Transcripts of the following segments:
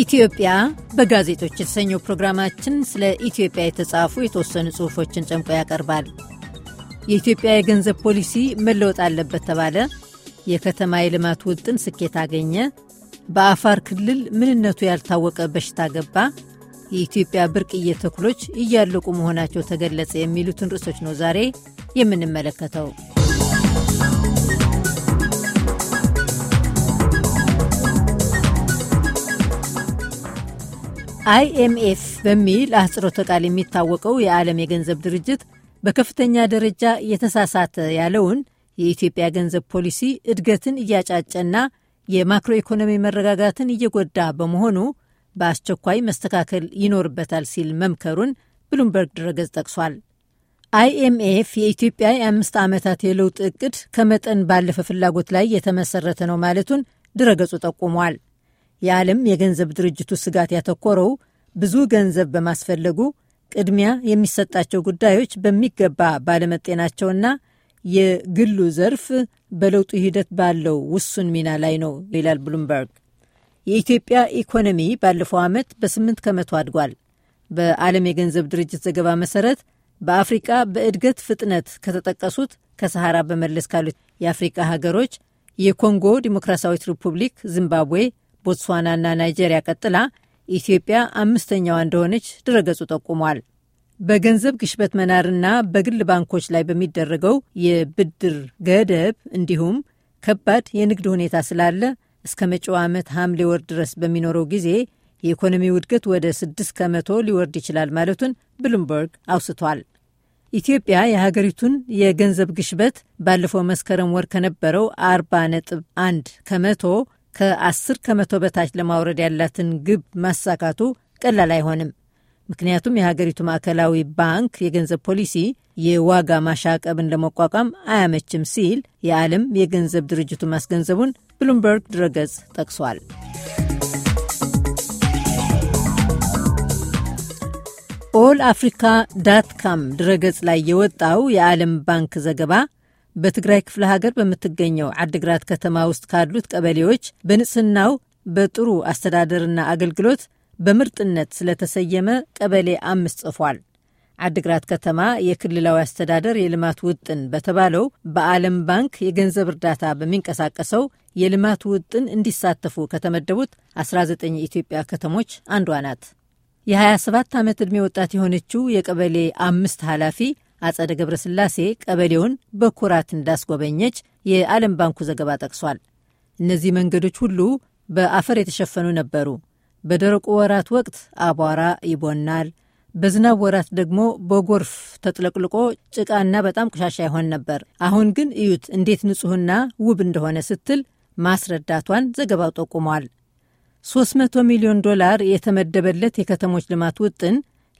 ኢትዮጵያ በጋዜጦች የተሰኘው ፕሮግራማችን ስለ ኢትዮጵያ የተጻፉ የተወሰኑ ጽሑፎችን ጨምቆ ያቀርባል። የኢትዮጵያ የገንዘብ ፖሊሲ መለወጥ አለበት ተባለ፣ የከተማ የልማት ውጥን ስኬት አገኘ፣ በአፋር ክልል ምንነቱ ያልታወቀ በሽታ ገባ፣ የኢትዮጵያ ብርቅዬ ተክሎች እያለቁ መሆናቸው ተገለጸ የሚሉትን ርዕሶች ነው ዛሬ የምንመለከተው። አይኤምኤፍ በሚል አህጽሮተ ቃል የሚታወቀው የዓለም የገንዘብ ድርጅት በከፍተኛ ደረጃ የተሳሳተ ያለውን የኢትዮጵያ ገንዘብ ፖሊሲ እድገትን እያጫጨና የማክሮ ኢኮኖሚ መረጋጋትን እየጎዳ በመሆኑ በአስቸኳይ መስተካከል ይኖርበታል ሲል መምከሩን ብሉምበርግ ድረገጽ ጠቅሷል። አይኤምኤፍ የኢትዮጵያ የአምስት ዓመታት የለውጥ እቅድ ከመጠን ባለፈ ፍላጎት ላይ የተመሰረተ ነው ማለቱን ድረገጹ ጠቁሟል። የዓለም የገንዘብ ድርጅቱ ስጋት ያተኮረው ብዙ ገንዘብ በማስፈለጉ ቅድሚያ የሚሰጣቸው ጉዳዮች በሚገባ ባለመጤናቸውና የግሉ ዘርፍ በለውጡ ሂደት ባለው ውሱን ሚና ላይ ነው ይላል ብሉምበርግ። የኢትዮጵያ ኢኮኖሚ ባለፈው ዓመት በስምንት ከመቶ አድጓል። በዓለም የገንዘብ ድርጅት ዘገባ መሰረት በአፍሪቃ በእድገት ፍጥነት ከተጠቀሱት ከሰሃራ በመለስ ካሉት የአፍሪቃ ሀገሮች የኮንጎ ዲሞክራሲያዊት ሪፑብሊክ፣ ዚምባብዌ ቦትስዋናና ናይጄሪያ ቀጥላ ኢትዮጵያ አምስተኛዋ እንደሆነች ድረገጹ ጠቁሟል። በገንዘብ ግሽበት መናርና በግል ባንኮች ላይ በሚደረገው የብድር ገደብ እንዲሁም ከባድ የንግድ ሁኔታ ስላለ እስከ መጪው ዓመት ሐምሌ ወር ድረስ በሚኖረው ጊዜ የኢኮኖሚ ውድገት ወደ 6 ከመቶ ሊወርድ ይችላል ማለቱን ብሉምበርግ አውስቷል። ኢትዮጵያ የሀገሪቱን የገንዘብ ግሽበት ባለፈው መስከረም ወር ከነበረው 40 ነጥብ 1 ከመቶ ከ10 ከመቶ በታች ለማውረድ ያላትን ግብ ማሳካቱ ቀላል አይሆንም። ምክንያቱም የሀገሪቱ ማዕከላዊ ባንክ የገንዘብ ፖሊሲ የዋጋ ማሻቀብን ለመቋቋም አያመችም ሲል የዓለም የገንዘብ ድርጅቱ ማስገንዘቡን ብሉምበርግ ድረገጽ ጠቅሷል። ኦል አፍሪካ ዳት ካም ድረገጽ ላይ የወጣው የዓለም ባንክ ዘገባ በትግራይ ክፍለ ሀገር በምትገኘው አድግራት ከተማ ውስጥ ካሉት ቀበሌዎች በንጽህናው በጥሩ አስተዳደርና አገልግሎት በምርጥነት ስለተሰየመ ቀበሌ አምስት ጽፏል። አድግራት ከተማ የክልላዊ አስተዳደር የልማት ውጥን በተባለው በዓለም ባንክ የገንዘብ እርዳታ በሚንቀሳቀሰው የልማት ውጥን እንዲሳተፉ ከተመደቡት 19 የኢትዮጵያ ከተሞች አንዷ ናት። የ27 ዓመት ዕድሜ ወጣት የሆነችው የቀበሌ አምስት ኃላፊ አጸደ ገብረስላሴ ቀበሌውን በኩራት እንዳስጎበኘች የዓለም ባንኩ ዘገባ ጠቅሷል። እነዚህ መንገዶች ሁሉ በአፈር የተሸፈኑ ነበሩ። በደረቁ ወራት ወቅት አቧራ ይቦናል፣ በዝናብ ወራት ደግሞ በጎርፍ ተጥለቅልቆ ጭቃና በጣም ቆሻሻ ይሆን ነበር። አሁን ግን እዩት እንዴት ንጹሕና ውብ እንደሆነ ስትል ማስረዳቷን ዘገባው ጠቁሟል። 300 ሚሊዮን ዶላር የተመደበለት የከተሞች ልማት ውጥን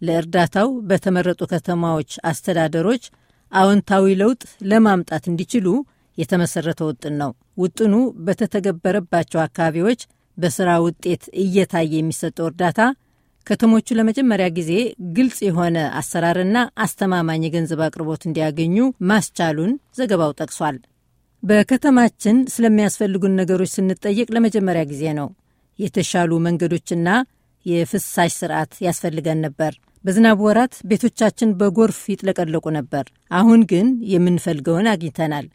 ለእርዳታው በተመረጡ ከተማዎች አስተዳደሮች አዎንታዊ ለውጥ ለማምጣት እንዲችሉ የተመሰረተ ውጥን ነው። ውጥኑ በተተገበረባቸው አካባቢዎች በስራ ውጤት እየታየ የሚሰጠው እርዳታ ከተሞቹ ለመጀመሪያ ጊዜ ግልጽ የሆነ አሰራርና አስተማማኝ የገንዘብ አቅርቦት እንዲያገኙ ማስቻሉን ዘገባው ጠቅሷል። በከተማችን ስለሚያስፈልጉን ነገሮች ስንጠየቅ ለመጀመሪያ ጊዜ ነው። የተሻሉ መንገዶችና የፍሳሽ ስርዓት ያስፈልገን ነበር። በዝናብ ወራት ቤቶቻችን በጎርፍ ይጥለቀለቁ ነበር። አሁን ግን የምንፈልገውን አግኝተናል።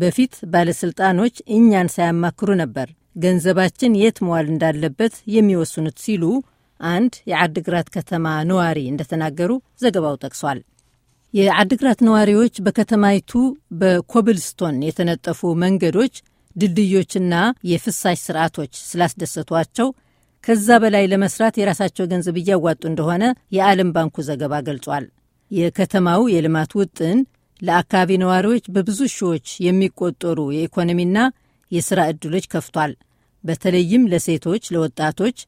በፊት ባለሥልጣኖች እኛን ሳያማክሩ ነበር ገንዘባችን የት መዋል እንዳለበት የሚወስኑት ሲሉ አንድ የዓድግራት ከተማ ነዋሪ እንደተናገሩ ዘገባው ጠቅሷል። የዓድግራት ነዋሪዎች በከተማይቱ በኮብልስቶን የተነጠፉ መንገዶች፣ ድልድዮችና የፍሳሽ ስርዓቶች ስላስደሰቷቸው ከዛ በላይ ለመስራት የራሳቸው ገንዘብ እያዋጡ እንደሆነ የዓለም ባንኩ ዘገባ ገልጿል። የከተማው የልማት ውጥን ለአካባቢ ነዋሪዎች በብዙ ሺዎች የሚቆጠሩ የኢኮኖሚና የሥራ ዕድሎች ከፍቷል። በተለይም ለሴቶች፣ ለወጣቶች፣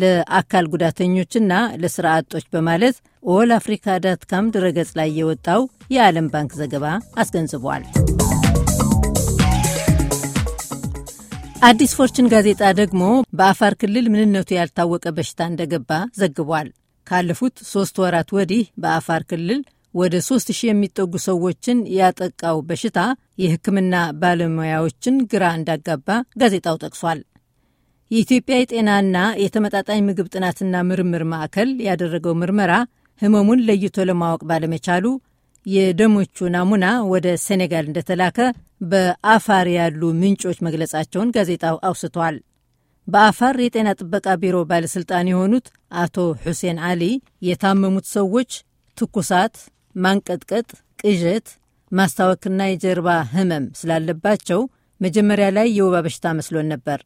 ለአካል ጉዳተኞችና ለሥራ አጦች በማለት ኦል አፍሪካ ዳትካም ድረገጽ ላይ የወጣው የዓለም ባንክ ዘገባ አስገንዝቧል። አዲስ ፎርችን ጋዜጣ ደግሞ በአፋር ክልል ምንነቱ ያልታወቀ በሽታ እንደገባ ዘግቧል። ካለፉት ሶስት ወራት ወዲህ በአፋር ክልል ወደ ሶስት ሺህ የሚጠጉ ሰዎችን ያጠቃው በሽታ የሕክምና ባለሙያዎችን ግራ እንዳጋባ ጋዜጣው ጠቅሷል። የኢትዮጵያ የጤናና የተመጣጣኝ ምግብ ጥናትና ምርምር ማዕከል ያደረገው ምርመራ ህመሙን ለይቶ ለማወቅ ባለመቻሉ የደሞቹ ናሙና ወደ ሴኔጋል እንደተላከ በአፋር ያሉ ምንጮች መግለጻቸውን ጋዜጣው አውስቷል። በአፋር የጤና ጥበቃ ቢሮ ባለሥልጣን የሆኑት አቶ ሑሴን አሊ የታመሙት ሰዎች ትኩሳት፣ ማንቀጥቀጥ፣ ቅዠት፣ ማስታወክና የጀርባ ህመም ስላለባቸው መጀመሪያ ላይ የወባ በሽታ መስሎን ነበር።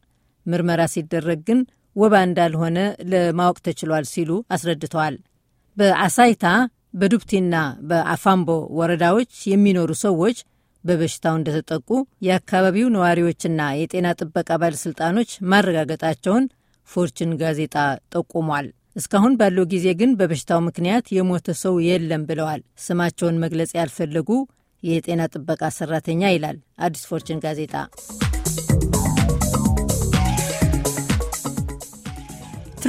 ምርመራ ሲደረግ ግን ወባ እንዳልሆነ ለማወቅ ተችሏል ሲሉ አስረድተዋል። በአሳይታ በዱብቲና በአፋምቦ ወረዳዎች የሚኖሩ ሰዎች በበሽታው እንደተጠቁ የአካባቢው ነዋሪዎችና የጤና ጥበቃ ባለሥልጣኖች ማረጋገጣቸውን ፎርችን ጋዜጣ ጠቁሟል። እስካሁን ባለው ጊዜ ግን በበሽታው ምክንያት የሞተ ሰው የለም ብለዋል ስማቸውን መግለጽ ያልፈለጉ የጤና ጥበቃ ሰራተኛ ይላል አዲስ ፎርችን ጋዜጣ።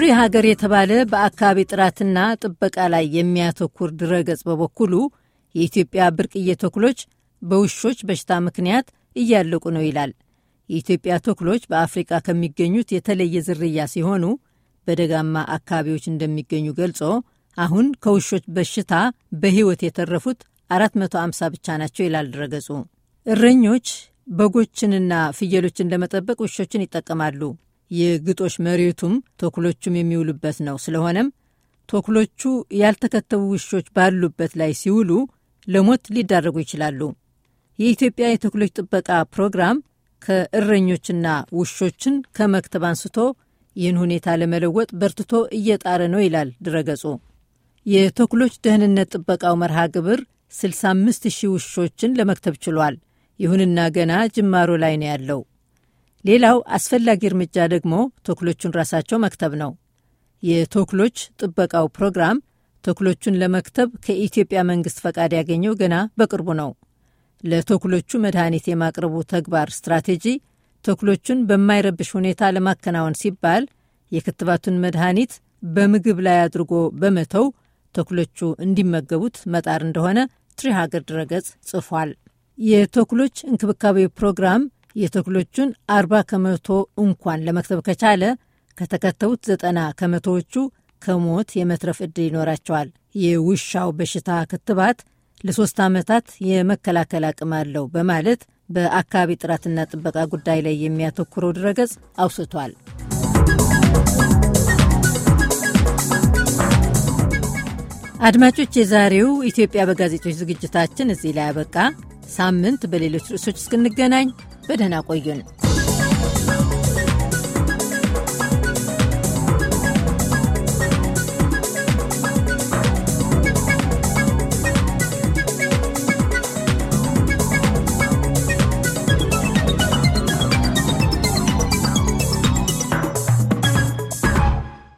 ፍሪ ሀገር የተባለ በአካባቢ ጥራትና ጥበቃ ላይ የሚያተኩር ድረገጽ በበኩሉ የኢትዮጵያ ብርቅዬ ተክሎች በውሾች በሽታ ምክንያት እያለቁ ነው ይላል። የኢትዮጵያ ተክሎች በአፍሪቃ ከሚገኙት የተለየ ዝርያ ሲሆኑ በደጋማ አካባቢዎች እንደሚገኙ ገልጾ አሁን ከውሾች በሽታ በሕይወት የተረፉት 450 ብቻ ናቸው ይላል ድረገጹ። እረኞች በጎችንና ፍየሎችን ለመጠበቅ ውሾችን ይጠቀማሉ። የግጦሽ መሬቱም ተኩሎቹም የሚውሉበት ነው። ስለሆነም ተኩሎቹ ያልተከተቡ ውሾች ባሉበት ላይ ሲውሉ ለሞት ሊዳረጉ ይችላሉ። የኢትዮጵያ የተኩሎች ጥበቃ ፕሮግራም ከእረኞችና ውሾችን ከመክተብ አንስቶ ይህን ሁኔታ ለመለወጥ በርትቶ እየጣረ ነው ይላል ድረገጹ። የተኩሎች ደህንነት ጥበቃው መርሃ ግብር 65 ሺህ ውሾችን ለመክተብ ችሏል። ይሁንና ገና ጅማሮ ላይ ነው ያለው። ሌላው አስፈላጊ እርምጃ ደግሞ ተኩሎቹን ራሳቸው መክተብ ነው። የተኩሎች ጥበቃው ፕሮግራም ተኩሎቹን ለመክተብ ከኢትዮጵያ መንግስት ፈቃድ ያገኘው ገና በቅርቡ ነው። ለተኩሎቹ መድኃኒት የማቅረቡ ተግባር ስትራቴጂ ተኩሎቹን በማይረብሽ ሁኔታ ለማከናወን ሲባል የክትባቱን መድኃኒት በምግብ ላይ አድርጎ በመተው ተኩሎቹ እንዲመገቡት መጣር እንደሆነ ትሪ ሀገር ድረገጽ ጽፏል። የተኩሎች እንክብካቤ ፕሮግራም የተክሎቹን 40 ከመቶ እንኳን ለመክተብ ከቻለ ከተከተቡት ዘጠና ከመቶዎቹ ከሞት የመትረፍ ዕድል ይኖራቸዋል። የውሻው በሽታ ክትባት ለሶስት ዓመታት የመከላከል አቅም አለው በማለት በአካባቢ ጥራትና ጥበቃ ጉዳይ ላይ የሚያተኩረው ድረገጽ አውስቷል። አድማጮች፣ የዛሬው ኢትዮጵያ በጋዜጦች ዝግጅታችን እዚህ ላይ አበቃ። ሳምንት በሌሎች ርዕሶች እስክንገናኝ በደህና ቆዩን።